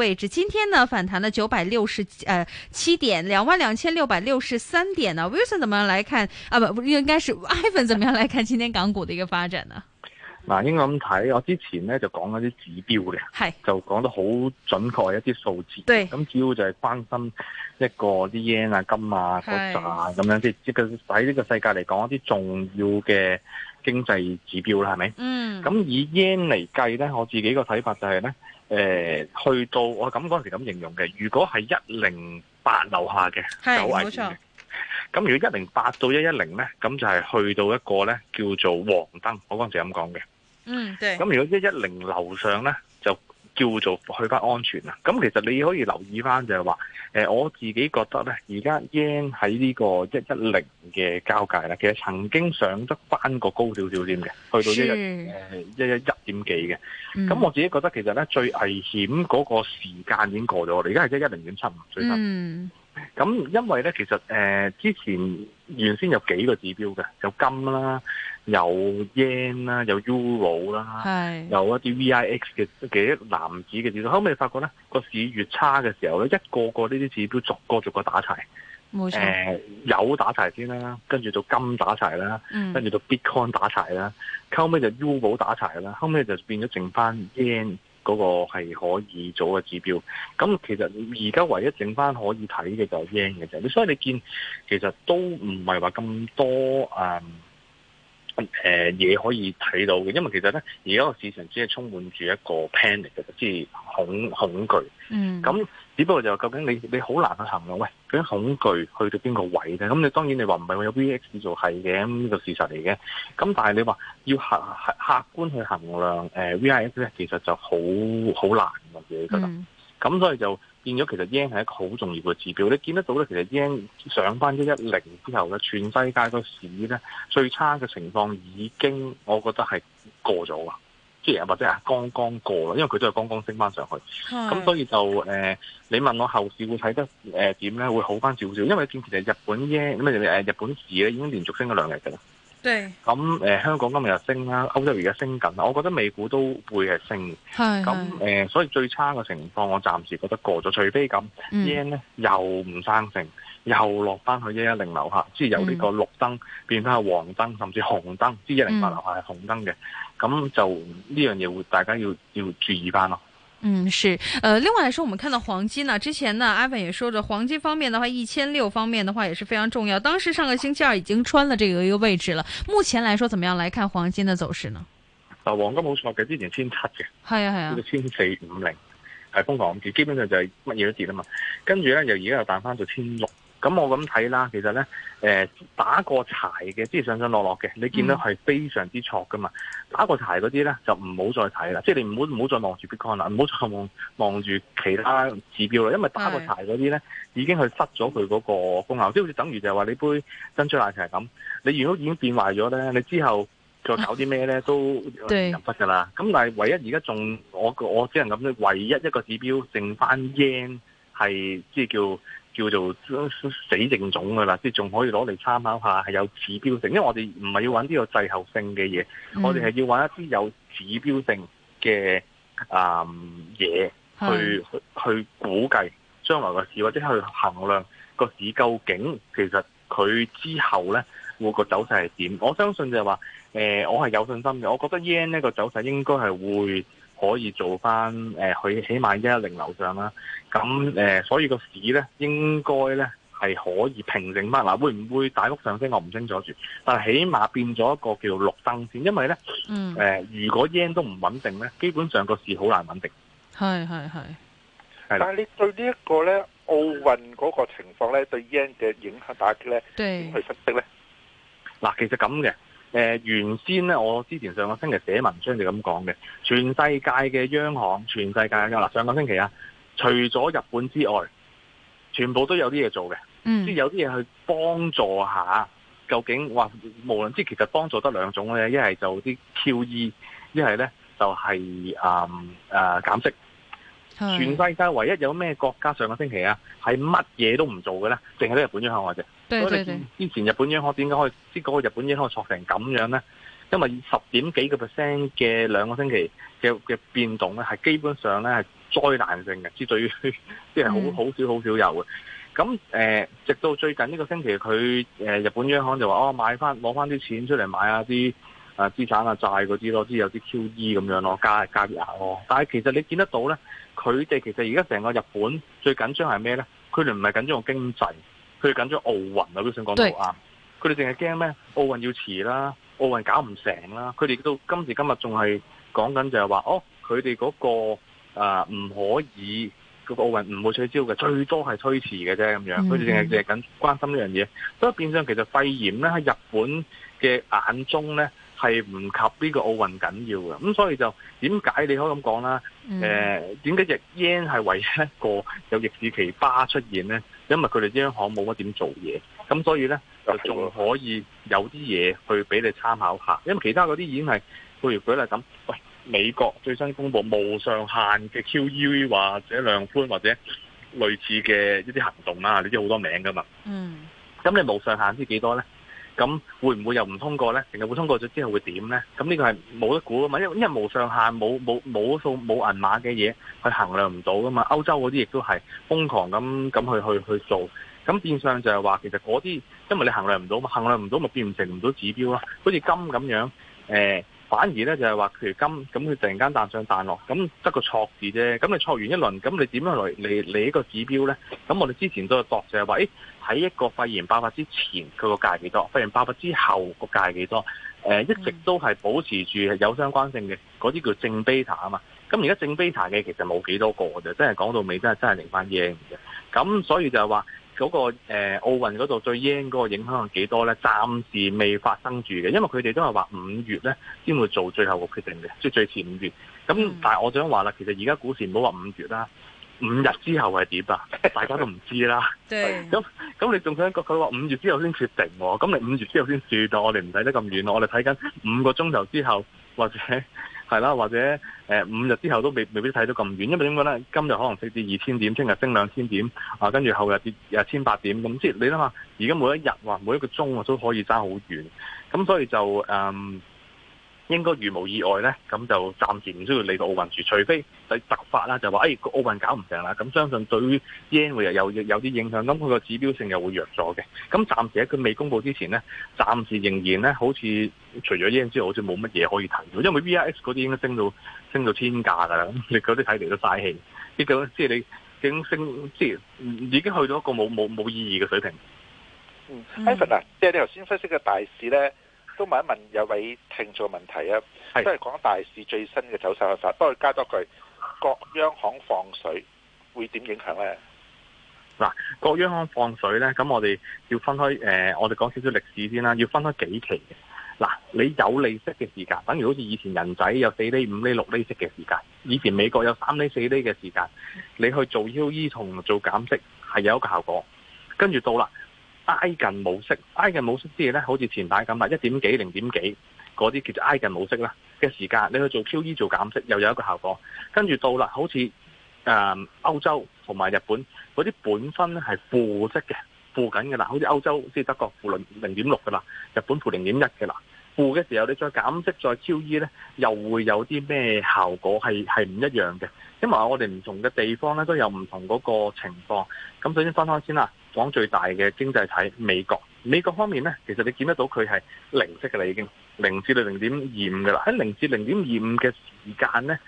位置，今天呢反彈咗九百六十，呃七點，兩萬兩千六百六十三點呢、啊。Wilson，怎麼樣來看？啊，不，應該是 Ivan，怎麼樣來看今天港股的一個發展呢？嗱，應該咁睇，我之前呢，就講嗰啲指標嘅，係是就講得好準確一啲數字。對，咁主要就係關心一個啲 yen 啊、金啊、國債啊咁樣，即係喺呢個世界嚟講一啲重要嘅經濟指標啦，係咪？嗯。咁以 yen 嚟計呢，我自己個睇法就係呢。誒、呃，去到我咁嗰陣時咁形容嘅，如果係一零八樓下嘅，係冇錯。咁如果一零八到一一零咧，咁就係去到一個咧叫做黃燈，我嗰陣時咁講嘅。嗯，對。咁如果一一零樓上咧？叫做去翻安全啊！咁其實你可以留意翻就係話，誒、呃、我自己覺得咧，而家 yen 喺呢個一一零嘅交界啦，其實曾經上得翻個高少少啲嘅，去到一日誒一一一點幾嘅。咁我自己覺得其實咧，最危險嗰個時間已經過咗，我哋而家係即係一一零點七五最低。嗯。咁因為咧，其實誒之前原先有幾個指標嘅，有金啦，有 yen 啦，有歐元啦，有一啲 VIX 嘅嘅男子嘅指標。後尾你發覺咧，個市越差嘅時候咧，一個個呢啲指標逐個逐個打齊，冇錯。呃，有打齊先啦，跟住就金打齊啦，跟住就 Bitcoin 打齊啦，後尾就歐元打齊啦，後尾就變咗剩翻 yen。嗰個係可以做嘅指標，咁其實而家唯一整翻可以睇嘅就係 Yen 嘅啫，你所以你見其實都唔係話咁多、嗯誒嘢、嗯呃、可以睇到嘅，因為其實咧而家個市場只係充滿住一個 panic 嘅，即、就、係、是、恐恐懼。嗯。咁只不過就究竟你你好難去衡量，喂，究竟恐懼去到邊個位咧？咁你當然你話唔係會有 VX 做係嘅，咁呢個事實嚟嘅。咁但係你話要客客觀去衡量誒、呃、VIX 咧，其實就好好難嘅嘢，覺得、嗯。咁所以就。見咗其實 yen 係一個好重要嘅指標，你見得到咧，其實 yen 上翻一一零之後咧，全世界個市咧最差嘅情況已經我覺得係過咗啦，即係或者係剛剛過啦，因為佢都係剛剛升翻上去，咁的所以就誒，你問我後市會睇得誒點咧，會好翻少少，因為你見其實日本 yen 咩日本市咧已經連續升咗兩日㗎啦。咁對、呃、香港今日又升啦，歐洲而家升緊，我覺得美股都會係升。咁誒是、呃，所以最差嘅情況，我暫時覺得過咗，除非咁 yen 咧又唔生性，又落翻去一一零樓下，即係由呢個綠燈、嗯、變翻係黃燈，甚至紅燈，即係一零八樓下係紅燈嘅，咁、嗯、就呢樣嘢會大家要要注意翻咯。嗯，是，呃，另外來說，我們看到黃金呢、啊，之前呢，阿文也說咗，黃金方面的話，一千六方面的話也是非常重要。當時上個星期二已經穿了這個一個位置了。目前來說，怎麼樣來看黃金的走勢呢？啊，黃金冇錯嘅，之前千七嘅，係啊係啊，呢個千四五零係瘋狂跌，基本上就係乜嘢都跌啊嘛。跟住咧，又而家又彈翻到千六。咁我咁睇啦，其實咧，誒、欸、打過柴嘅，即係上上落落嘅，你見到係非常之挫噶嘛。嗯、打過柴嗰啲咧，就唔好再睇啦，即係、嗯、你唔好唔好再望住 Bitcoin 啦，唔好再望望住其他指標啦，因為打過柴嗰啲咧已經去失咗佢嗰個功效，即係好似等於就係話你杯珍珠奶茶係咁，你如果已經變壞咗咧，你之後再搞啲咩咧都不入不噶啦。咁對但係唯一而家仲我我只能咁啫，唯一一個指標剩翻 yen 係即係叫。叫做死症種㗎啦，即仲可以攞嚟參考一下，係有指標性。因為我哋唔係要揾啲有滯後性嘅嘢，嗯、我哋係要揾一啲有指標性嘅啊嘢去的去估計將來個市，或者去衡量個市究竟其實佢之後咧會個走勢係點。我相信就係話，誒、呃，我係有信心嘅。我覺得 yen 呢、那個走勢應該係會。可以做翻，誒，佢起碼一一零樓上啦。咁，誒，所以個市咧應該咧係可以平靜翻。嗱，會唔會大幅上升？我唔清楚住，但係起碼變咗一個叫做綠燈線，因為咧，誒，如果 yen 都唔穩定咧，基本上個市好難穩定。係係係。但係你對呢一個咧奧運嗰個情況咧對 yen 嘅影響打擊咧點去分析咧？嗱，其實咁嘅。誒、呃、原先咧，我之前上個星期寫文章就咁講嘅，全世界嘅央行，全世界嘅上個星期啊，除咗日本之外，全部都有啲嘢做嘅，嗯、即係有啲嘢去幫助下。究竟話無論即係其實幫助得兩種咧，一係就啲 QE，一係咧就係誒誒減息。的全世界唯一有咩國家上個星期啊，係乜嘢都唔做嘅咧，淨係都日本央行嘅啫。之前日本央行點解可以，即係嗰個日本央行挫成咁樣呢？因為十點幾個 percent 嘅兩個星期嘅嘅變動呢，係基本上呢係災難性嘅，至最即係好好少好少有嘅。咁誒、呃，直到最近呢個星期，佢誒、呃、日本央行就話哦，買翻攞翻啲錢出嚟買下啲誒資產啊、債嗰啲咯，即係有啲 QE 咁樣咯，加加油咯。但係其實你見得到呢，佢哋其實而家成個日本最緊張係咩呢？佢哋唔係緊張個經濟。佢哋緊張奧運啊！我都想講到啊！佢哋淨係驚咩？奧運要遲啦，奧運搞唔成啦！佢哋到今時今日仲係講緊就係話，哦，佢哋嗰個唔、呃、可以、嗰個奧運唔會取消嘅，最多係推遲嘅啫咁樣。佢哋淨係淨係緊關心呢樣嘢，所以變相其實肺炎咧喺日本嘅眼中咧係唔及呢個奧運緊要嘅。咁所以就點解你可以咁講啦？誒、呃，點解、嗯、日元係唯一一個有逆市奇葩出現咧？因為佢哋央行冇乜點做嘢，咁所以呢，就仲可以有啲嘢去俾你參考下。因為其他嗰啲已經係，譬如舉例咁，喂，美國最新公布無上限嘅 QE，或者量寬或者類似嘅一啲行動啦，你知好多名噶嘛。嗯。咁你無上限知幾多呢？咁會唔會又唔通過呢？定係會通過咗之後會點呢？咁呢個係冇得估噶嘛，因因為無上限、冇冇冇數、冇銀碼嘅嘢去衡量唔到噶嘛。歐洲嗰啲亦都係瘋狂咁咁去去去做，咁變相就係話其實嗰啲因為你衡量唔到嘛，衡量唔到咪變唔成唔到指標囉，好似金咁樣誒。反而咧就係話，譬如今咁佢突然間彈上彈落，咁得個錯字啫。咁你錯完一輪，咁你點樣嚟嚟呢個指標咧？咁我哋之前都係度，就係話，誒喺一個肺炎爆發之前，佢個價幾多？肺炎爆發之後個價幾多？誒、呃、一直都係保持住有相關性嘅，嗰啲叫正 beta 啊嘛。咁而家正 beta 嘅其實冇幾多個嘅啫，真係講到尾真係真係零翻嘢。e 嘅。咁所以就係話。嗰、那個誒、呃、奧運嗰度最驚嗰個影響係幾多咧？暫時未發生住嘅，因為佢哋都係話五月咧先會做最後個決定嘅，即係最遲五月。咁、嗯、但係我想話啦，其實而家股市唔好話五月啦，五日之後係點啊？大家都唔知啦。咁咁對你仲想佢佢話五月之後先決定喎？咁你五月之後先算，到，我哋唔使得咁遠，我哋睇緊五個鐘頭之後或者。係啦，或者誒五日之後都未未必睇到咁遠，因為點講咧？今日可能升至二千點，聽日升兩千點，啊，跟住後日跌一千八點，咁即係你諗下。而家每一日或每一個鐘啊都可以爭好遠，咁所以就誒。嗯應該如無意外咧，咁就暫時唔需要嚟到奧運住，除非就突發啦，就話誒個奧運搞唔成啦，咁相信對 yen 會又有有啲影響，咁佢個指標性又會弱咗嘅。咁暫時喺佢未公布之前咧，暫時仍然咧，好似除咗 yen 之外好似冇乜嘢可以談到，因為 VIX 嗰啲應該升到升到天價噶啦，咁嗰啲睇嚟都嘥氣，呢即係你已經升，即係已經去到一個冇冇冇意義嘅水平。嗯、mm hmm.，Evan 啊，即、就、係、是、你頭先分析嘅大市咧。都問一問有位聽眾問題啊，都係講大市最新嘅走勢。不過加多句，各央行放水會點影響咧？嗱，各央行放水咧，咁我哋要分開、呃、我哋講少少歷史先啦。要分開幾期嘅。嗱，你有利息嘅時間，等於好似以前人仔有四厘、五厘、六厘息嘅時間。以前美國有三厘、四厘嘅時間，你去做 QE 同做減息係有一個效果。跟住到啦。挨近模式，挨近模式之下咧，好似前排咁啊，一點幾零點幾嗰啲叫做挨近模式啦嘅時間，你去做 QE 做減息又有一個效果，跟住到啦，好似誒歐洲同埋日本嗰啲本分咧係負息嘅，負緊嘅啦，好似歐洲即係德國負零零點六嘅啦，日本負零點一嘅啦，負嘅時候你再減息再 QE 咧，又會有啲咩效果係係唔一樣嘅，因為我哋唔同嘅地方咧都有唔同嗰個情況，咁首先分開先啦。講最大嘅經濟體美國，美國方面呢，其實你見得到佢係零息嘅啦，已經零至到零點二五嘅啦。喺零至零點二五嘅時間呢，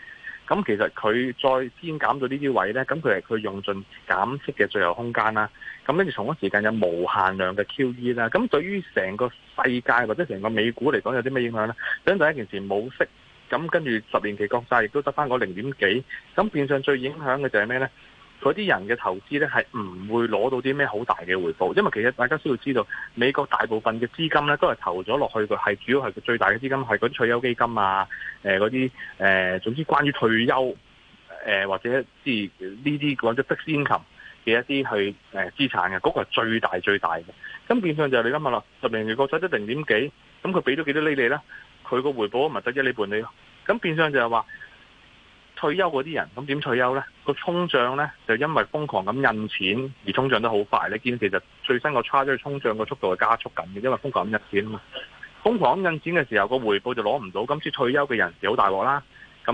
咁其實佢再先減到呢啲位呢，咁佢係佢用盡減息嘅最後空間啦。咁跟住同一時間有無限量嘅 QE 啦。咁對於成個世界或者成個美股嚟講，有啲咩影響呢？等第一件事冇息，咁跟住十年期國債亦都得返個零點幾，咁變相最影響嘅就係咩呢？嗰啲人嘅投資咧，係唔會攞到啲咩好大嘅回報，因為其實大家需要知道，美國大部分嘅資金咧，都係投咗落去嘅，係主要係佢最大嘅資金係嗰啲退休基金啊，誒嗰啲誒，總之關於退休誒、呃、或者即係呢啲 fixed income 嘅一啲去誒、呃、資產嘅，嗰、那個係最大最大嘅。咁變相就係、是、你諗下啦，十零年國債得零點幾，咁佢俾咗幾多厘利咧？佢個回報咪得一厘半釐咯？咁變相就係、是、話。退休嗰啲人，咁點退休呢？個通脹呢，就因為瘋狂咁印錢而通脹得好快。你見其實最新個差都去通脹個速度係加速緊嘅，因為瘋狂咁印錢啊嘛。瘋狂咁印錢嘅時候，個回報就攞唔到，今次退休嘅人就好大鑊啦。咁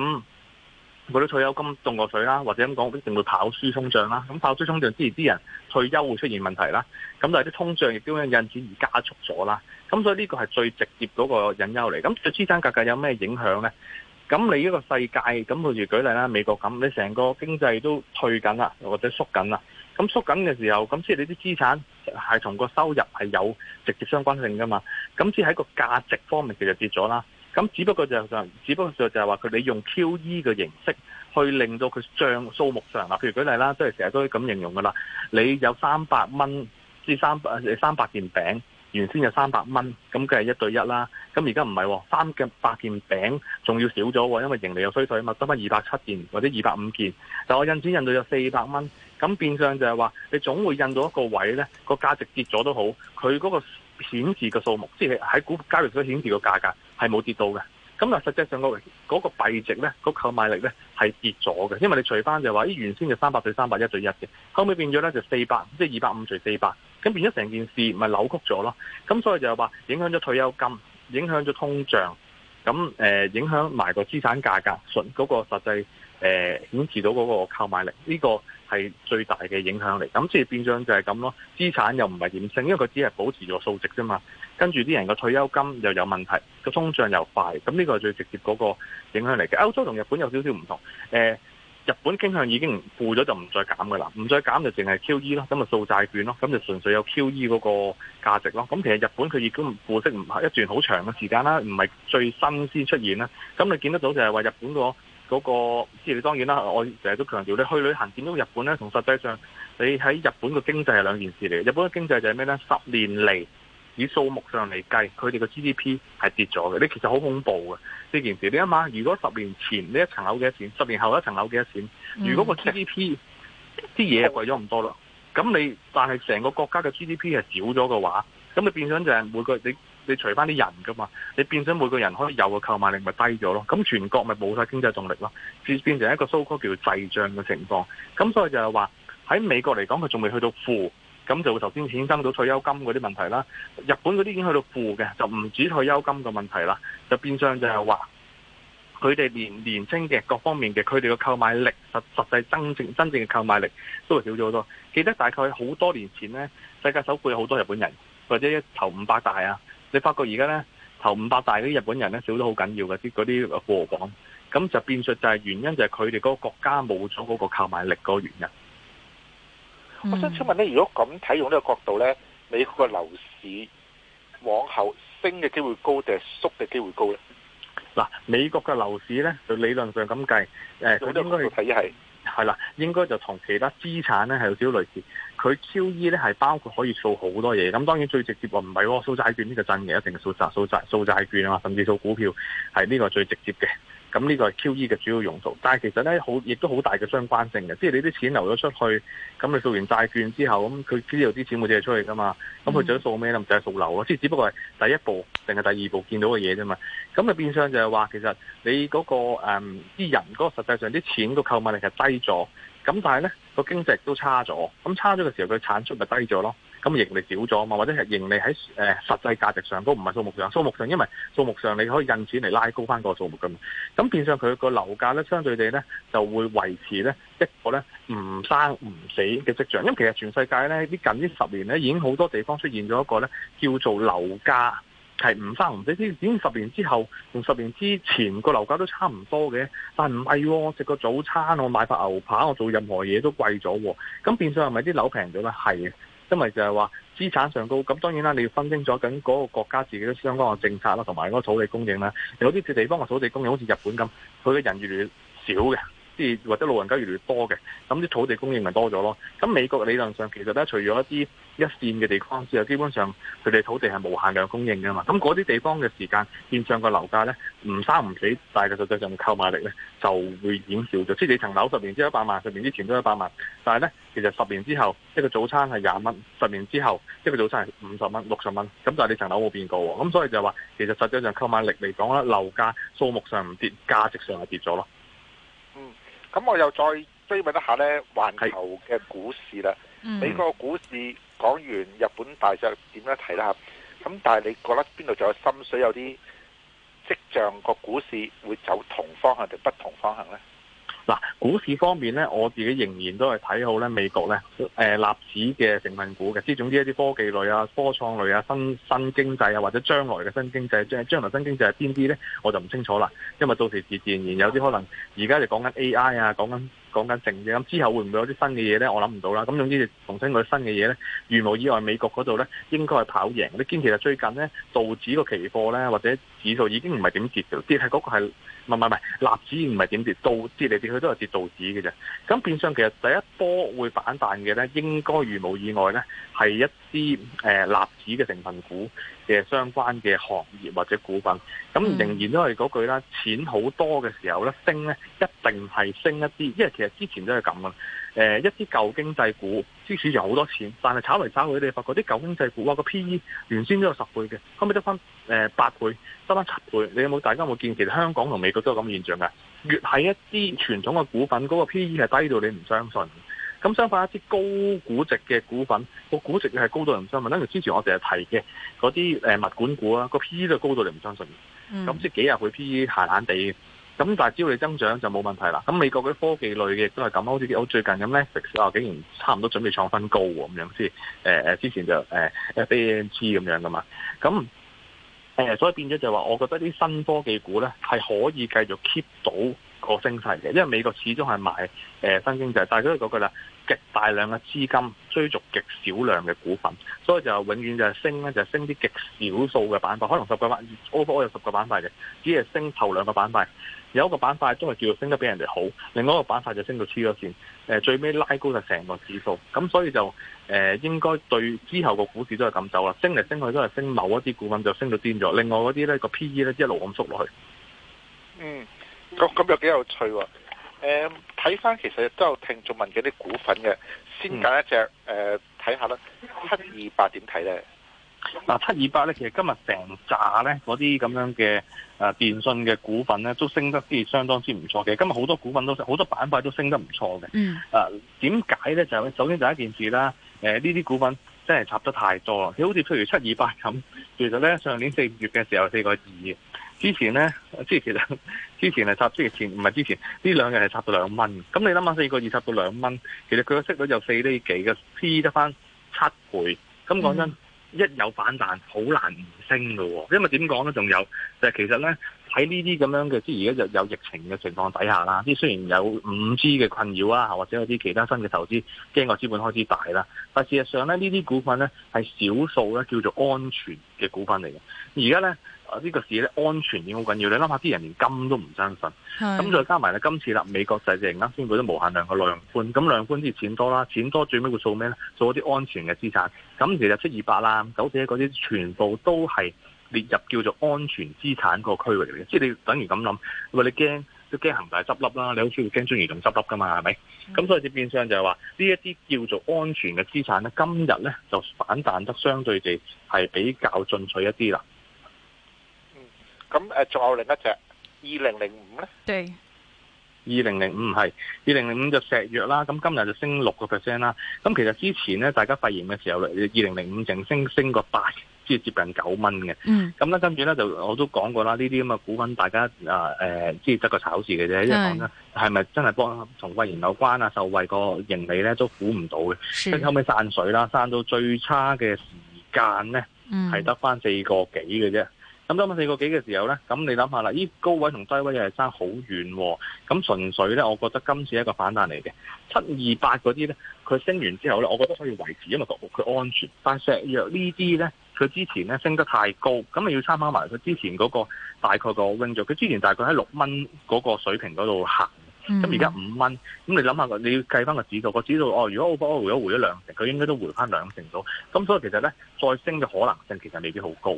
嗰啲退休金凍過水啦，或者咁講，必定會跑輸通脹啦。咁跑輸通脹之前啲人退休會出現問題啦。咁但係啲通脹亦都因印錢而加速咗啦。咁所以呢個係最直接嗰個隱憂嚟。咁對資產價格,格有咩影響呢？咁你呢個世界咁，譬如舉例啦，美國咁，你成個經濟都退緊啦，或者縮緊啦。咁縮緊嘅時候，咁即係你啲資產係同個收入係有直接相關性噶嘛？咁即係喺個價值方面其實跌咗啦。咁只不過就就是、只不過就就係話佢哋用 QE 嘅形式去令到佢漲數目上啦。譬如舉例啦，即係成日都咁形容噶啦。你有三百蚊至三百三百件餅。原先300就三百蚊，咁梗係一對一啦。咁而家唔係，三嘅八件餅仲要少咗，因為盈利又衰退啊嘛。得翻二百七件或者二百五件。但我印錢印到有四百蚊，咁變相就係話，你總會印到一個位，呢個價值跌咗都好，佢嗰個顯示嘅數目，即係喺股交易所顯示嘅價格係冇跌到嘅。咁但實際上個嗰幣值呢，嗰購買力呢，係跌咗嘅，因為你除翻就係話，原先就三百對三百一對一嘅，後尾變咗呢，就四百，即係二百五除四百。咁變咗成件事咪扭曲咗咯？咁所以就係話影響咗退休金，影響咗通脹，咁、呃、影響埋個資產價格，順嗰、嗰個實際誒、呃、顯示到嗰個購買力，呢、呢個係最大嘅影響嚟。咁即係變相就係咁咯。資產又唔係貶值，因為佢只係保持咗數值啫嘛。跟住啲人個退休金又有問題，個通脹又快，咁呢個係最直接嗰個影響嚟嘅。歐洲同日本有少少唔同、呃日本傾向已經負咗就唔再減噶啦，唔再減就淨係 QE 啦，咁就掃債券咯，咁就純粹有 QE 嗰個價值咯。咁其實日本佢已經唔負息唔係一段好長嘅時間啦，唔係最新先出現啦。咁你見得到就係話日本嗰、嗰個，即係你當然啦，我成日都強調你去旅行見到日本咧，同實際上你喺日本嘅經濟係兩件事嚟。日本嘅經濟就係咩咧？十年嚟。以數目上嚟計，佢哋嘅 GDP 係跌咗嘅。你其實好恐怖嘅呢件事。你諗下，如果十年前呢一層樓幾多錢，十年後一層樓幾多錢？如果個 GDP 啲嘢貴咗咁多咯，咁你但係成個國家嘅 GDP 係少咗嘅話，咁你變咗就係每個你你除返啲人噶嘛，你變咗每個人可以有嘅購買力咪低咗咯。咁全國咪冇晒經濟動力咯，變成一個所謂叫做滯脹嘅情況。咁所以就係話喺美國嚟講，佢仲未去到負。咁就會頭先衍生到退休金嗰啲問題啦。日本嗰啲已經去到負嘅，就唔止退休金嘅問題啦，就變相就係話佢哋年年輕嘅各方面嘅，佢哋嘅購買力實實際真正真正嘅購買力都會少咗好多。記得大概好多年前呢，世界首富有好多日本人或者頭五百大啊。你發覺而家呢，頭五百大啲日本人呢，少咗好緊要嘅啲嗰啲富豪榜咁，就變相就係原因就係佢哋嗰個國家冇咗嗰個購買力嗰個原因。我想請問咧，如果咁睇用呢個角度咧，美國嘅樓市往後升嘅機會高定係縮嘅機會高咧？嗱，美國嘅樓市咧，就理論上咁計，誒，佢應該要睇係係啦，應該就同其他資產咧係有少少類似。佢 QE 咧係包括可以掃好多嘢，咁當然最直接話唔係，喎，掃債券呢個陣營，一定係掃債、掃債、掃債券啊嘛，甚至掃股票係呢個係最直接嘅。咁呢個係 QE 嘅主要用途，但係其實咧好，亦都好大嘅相關性嘅，即係你啲錢流咗出去，咁你做完債券之後，咁佢知道啲錢會借出去噶嘛，咁佢想做咩咧？唔就係掃樓咯，即係只不過係第一步定係第二步見到嘅嘢啫嘛。咁啊變相就係話，其實你嗰、嗰個啲、嗯、人嗰個實際上啲錢個購買力係低咗，咁但係咧個經濟都差咗，咁差咗嘅時候佢產出咪低咗咯。咁盈利少咗嘛？或者係盈利喺誒、呃、實際價值上都唔係數目上。數目上因為數目上你可以印錢嚟拉高返個數目㗎嘛。咁變相佢個樓價咧，相對地咧就會維持咧一個咧唔生唔死嘅跡象。因為其實全世界咧，啲近呢十年咧已經好多地方出現咗一個咧叫做樓價係唔生唔死。已經十年之後同十年之前個樓價都差唔多嘅，但係唔係？我食個早餐，我買塊牛扒，我做任何嘢都貴咗、哦。咁變相係咪啲樓平咗咧？係。因為就係話資產上高，咁當然啦，你要分清楚緊嗰個國家自己都相關嘅政策啦，同埋嗰個土地供應啦。有啲地方嘅土地供應好似日本咁，佢嘅人越嚟越少嘅。即係或者老人家越嚟越多嘅，咁啲土地供應咪多咗咯。咁美國理論上其實咧，除咗一啲一線嘅地方之外，基本上佢哋土地係無限量供應嘅嘛。咁嗰啲地方嘅時間，現象嘅樓價咧唔升唔死，但係實際上嘅購買力咧就會減少咗。即係你層樓十年之後一百萬，十年之前都一百萬，但係咧其實十年之後一個早餐係廿蚊，十年之後一個早餐係五十蚊、六十蚊，咁但係你層樓冇變過喎。咁所以就係話，其實實際上購買力嚟講咧，樓價數目上唔跌，價值上係跌咗咯。咁我又再追問一下呢，環球嘅股市啦，美國的、嗯、股市講完日本大勢點樣睇啦？咁但係你覺得邊度仲有心水，有啲跡象個股市會走同方向定不同方向呢？股市方面呢，我自己仍然都係睇好咧，美國呢，誒納指嘅成分股嘅，即係總之一啲科技類啊、科創類啊、新新經濟啊，或者將來嘅新經濟，將將來新經濟係邊啲呢？我就唔清楚啦，因為到時自自然然有啲可能，而家就講緊 AI 啊，講緊。講緊正嘢，咁之後會唔會有啲新嘅嘢咧？我諗唔到啦。咁總之，重新啲新嘅嘢咧，如無意外，美國嗰度咧應該係跑贏。你見其實最近咧道指個期貨咧或者指數已經唔係點跌嘅，跌係嗰個係唔唔唔，納指唔係點跌，道跌嚟跌去都係跌道指嘅啫。咁變相其實第一波會反彈嘅咧，應該如無意外咧係一啲誒納指嘅成分股。嘅相關嘅行業或者股份，咁仍然都係嗰句啦，錢好多嘅時候咧，升咧一定係升一啲，因為其實之前都係咁嘅。誒，一啲舊經濟股之前有好多錢，但係炒嚟炒去，你發覺啲舊經濟股啊、嗰個 P E 原先都有十倍嘅，後尾得翻誒八倍，得翻七倍。你有冇？大家有冇見？其實香港同美國都有咁現象嘅，越係一啲傳統嘅股份，嗰、嗰個 P E 係低到你唔相信。咁相反一啲高估值嘅股份，個估值又係高到人唔相信。例如之前我成日提嘅嗰啲誒物管股啊，個 P E 都高到你唔相信。咁即係幾日佢 P E 閒閒地，咁但係只要你增長就冇問題啦。咁美國嗰啲科技類嘅亦都係咁，好似我最近咁呢，Netflix 啊，竟然差唔多準備創新高喎咁樣先。誒、啊啊、之前就 FAANG 咁樣㗎嘛。咁誒、啊，所以變咗就話，我覺得啲新科技股咧係可以繼續 keep 到。個升勢嘅，因為美國始終係買誒新經濟，但係所以嗰句啦，極大量嘅資金追逐極少量嘅股份，所以就永遠就係升咧，就係升啲極少數嘅板塊，可能十個板，overall 有十個板塊嘅，只係升頭兩個板塊，有一個板塊都係叫升得比人哋好，另外一個板塊就升到黐咗線，誒最尾拉高就成個指數，咁所以就誒應該對之後個股市都係咁走啦，升嚟升去都係升某一啲股份就升到癲咗，另外嗰啲咧個 PE 咧一路咁縮落去，嗯。咁又幾有趣喎。睇、嗯、翻其實都有聽眾問嘅啲股份嘅，先揀一隻誒睇下啦，七二八點睇咧？嗱、呃，七二八咧，其實今日成扎咧嗰啲咁樣嘅誒電信嘅股份咧，都升得啲相當之唔錯嘅。今日好多股份都升，好多板塊都升得唔錯嘅。嗯。誒、啊，點解咧？就係、首先第一件事啦。誒，呢啲股份真係插得太多啦。佢好似譬如七二八咁，其實咧上年四月嘅時候四個二。之前呢，之前之前係插，之前唔係之前呢兩日係插到兩蚊。咁你諗下，四個二插到兩蚊，其實佢個息率就四厘幾嘅，P 得返七倍。咁講真，嗯、一有反彈，好難唔升噶。因為點講呢？仲有就係、是、其實呢，喺呢啲咁樣嘅即係而家就有疫情嘅情況底下啦。即雖然有五 G 嘅困擾啊，或者有啲其他新嘅投資驚個資本開支大啦，但事實上呢，呢啲股份呢，係少數呢叫做安全嘅股份嚟嘅。而家呢。呢個市咧安全已經好緊要，你諗下啲人連金都唔相信，咁的再加埋咧今次啦，美國實際嚟啱先佢都無限量嘅量寬，咁量寬啲錢多啦，錢多，錢多最尾會做咩咧？做一啲安全嘅資產。咁其實七二八啦、九四一嗰啲全部都係列入叫做安全資產嗰個區域嚟嘅，即係的你等於咁諗，唔係你驚都驚恒大執笠啦，你好似會驚中移動執笠噶嘛，係咪？咁的所以變相就係話呢一啲叫做安全嘅資產咧，今日咧就反彈得相對地係比較進取一啲啦。咁誒，仲、啊、有另一隻二零零五咧？2005對，二零零五係二零零五就石藥啦。咁今日就升六個 percent 啦。咁其實之前咧，大家肺炎嘅時候二零零五淨升升過八，即係接近九蚊嘅。嗯。咁咧跟住咧，就我都講過啦，呢啲咁嘅股份，大家啊誒，即係得個炒字嘅啫。即係講咧，係咪真係幫同肺炎有關啊？受惠個盈利咧，都估唔到嘅。跟住是後尾散水啦，散到最差嘅時間咧，係得翻四個幾嘅啫。咁三蚊四個幾嘅時候咧，咁你諗下啦，咦，高位同低位又係差好遠，咁純粹咧，我覺得今次係一個反彈嚟嘅。七二八嗰啲咧，佢升完之後咧，我覺得可以維持，因為個佢安全，但石藥呢啲咧，佢之前咧升得太高，咁咪要參考埋佢之前嗰個大概個 range，佢之前大概喺六蚊嗰個水平嗰度行，咁而家五蚊，咁你諗下，你要計翻個指數，個指數哦，如果歐股如回咗兩成，佢應該都回翻兩成到，咁所以其實咧，再升嘅可能性其實未必好高。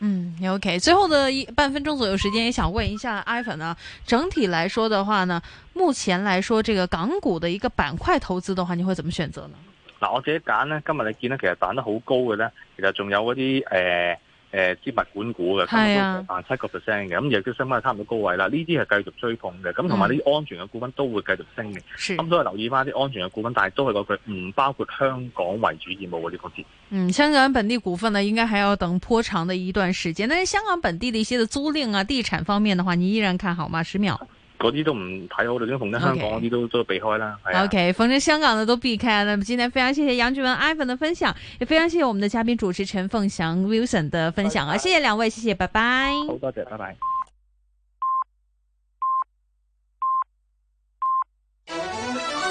嗯，OK，最後的一半分鐘左右時間，也想問一下 iPhone 呢，整體來說的話呢，目前來說這個港股的一個板塊投資的話，你會怎麼選擇呢？嗱，我自己揀呢，今日你見呢，其實彈得好高嘅呢，其實仲有嗰啲誒。誒資物管股嘅，今日都萬七個 percent 嘅，咁亦都相關差唔多高位啦。呢啲係繼續追捧嘅，咁同埋呢啲安全嘅股份都會繼續升嘅。咁都係留意翻啲安全嘅股份，但係都係嗰句，唔包括香港為主業務嗰啲股份。嗯，香港本地股份呢，應該係要等頗長嘅一段時間。但係香港本地的一些的租賃啊、地產方面嘅話，你依然看好嗎？十秒。嗰啲都唔睇好，就咁逢着香港嗰啲都都避開啦。係 OK，逢着香港的都避開。咁，今天非常謝謝楊俊文 Ivan 嘅分享，也非常謝謝我們嘅嘉賓主持陳鳳祥 Wilson 嘅分享，拜拜啊！謝謝兩位，謝謝，拜拜。好多謝，拜拜。拜拜。